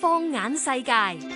放眼世界。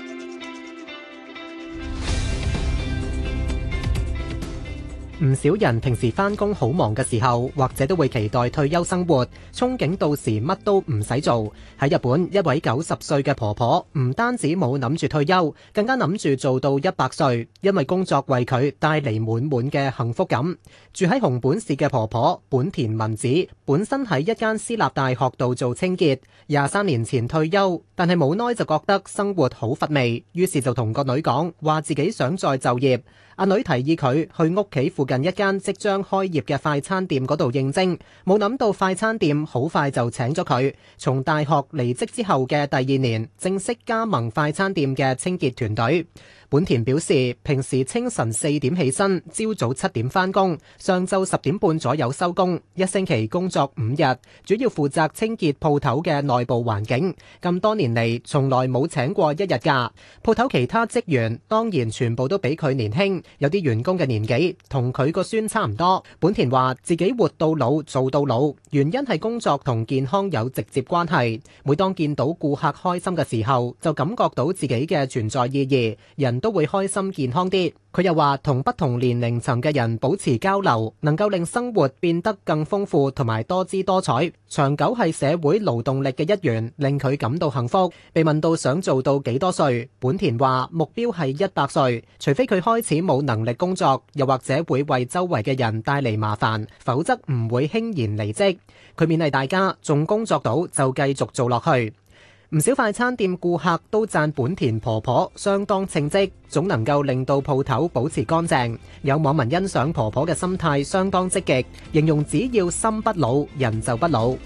唔少人平時返工好忙嘅時候，或者都會期待退休生活，憧憬到時乜都唔使做。喺日本，一位九十歲嘅婆婆唔單止冇諗住退休，更加諗住做到一百歲，因為工作為佢帶嚟滿滿嘅幸福感。住喺熊本市嘅婆婆本田文子，本身喺一間私立大學度做清潔，廿三年前退休，但係冇耐就覺得生活好乏味，於是就同個女講話自己想再就業。阿女提議佢去屋企附近一間即將開業嘅快餐店嗰度應徵，冇諗到快餐店好快就請咗佢。從大學離職之後嘅第二年，正式加盟快餐店嘅清潔團隊。本田表示，平時清晨四點起身，朝早七點返工，上晝十點半左右收工，一星期工作五日，主要負責清潔鋪頭嘅內部環境。咁多年嚟，從來冇請過一日假。鋪頭其他職員當然全部都比佢年輕，有啲員工嘅年紀同佢個孫差唔多。本田話自己活到老做到老，原因係工作同健康有直接關係，每當見到顧客開心嘅時候，就感覺到自己嘅存在意義。人，都會開心健康啲。佢又話，同不同年齡層嘅人保持交流，能夠令生活變得更豐富同埋多姿多彩。長久係社會勞動力嘅一員，令佢感到幸福。被問到想做到幾多歲？本田話目標係一百歲，除非佢開始冇能力工作，又或者會為周圍嘅人帶嚟麻煩，否則唔會輕言離職。佢勉勵大家，仲工作到就繼續做落去。唔少快餐店顧客都讚本田婆婆相當稱職，總能夠令到鋪頭保持乾淨。有網民欣賞婆婆嘅心態相當積極，形容只要心不老，人就不老。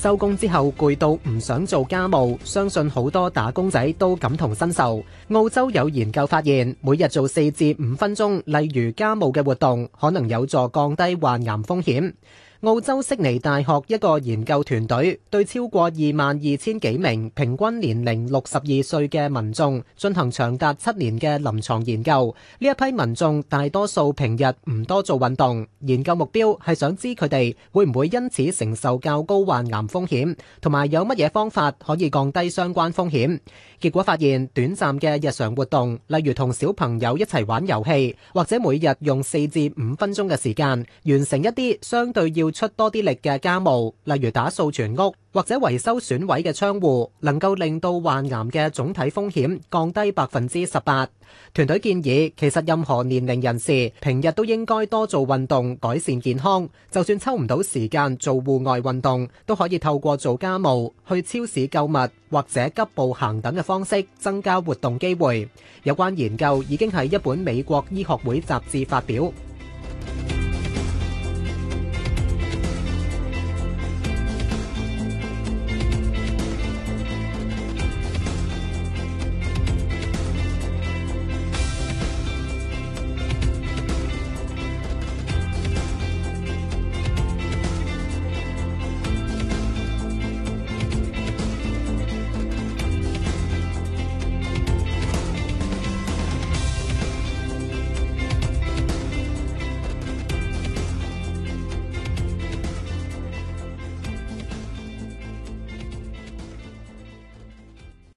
收工之後攰到唔想做家務，相信好多打工仔都感同身受。澳洲有研究發現，每日做四至五分鐘，例如家務嘅活動，可能有助降低患癌風險。澳洲悉尼大學一個研究團隊對超過二萬二千幾名平均年齡六十二歲嘅民眾進行長達七年嘅臨床研究。呢一批民眾大多數平日唔多做運動。研究目標係想知佢哋會唔會因此承受較高患癌風險，同埋有乜嘢方法可以降低相關風險。結果發現，短暫嘅日常活動，例如同小朋友一齊玩遊戲，或者每日用四至五分鐘嘅時間完成一啲相對要出多啲力嘅家務，例如打掃全屋或者維修損毀嘅窗戶，能夠令到患癌嘅總體風險降低百分之十八。團隊建議，其實任何年齡人士平日都應該多做運動，改善健康，就算抽唔到時間做戶外運動，都可以透過做家務、去超市購物或者急步行等嘅方式，增加活動機會。有關研究已經喺一本美國醫學會雜誌發表。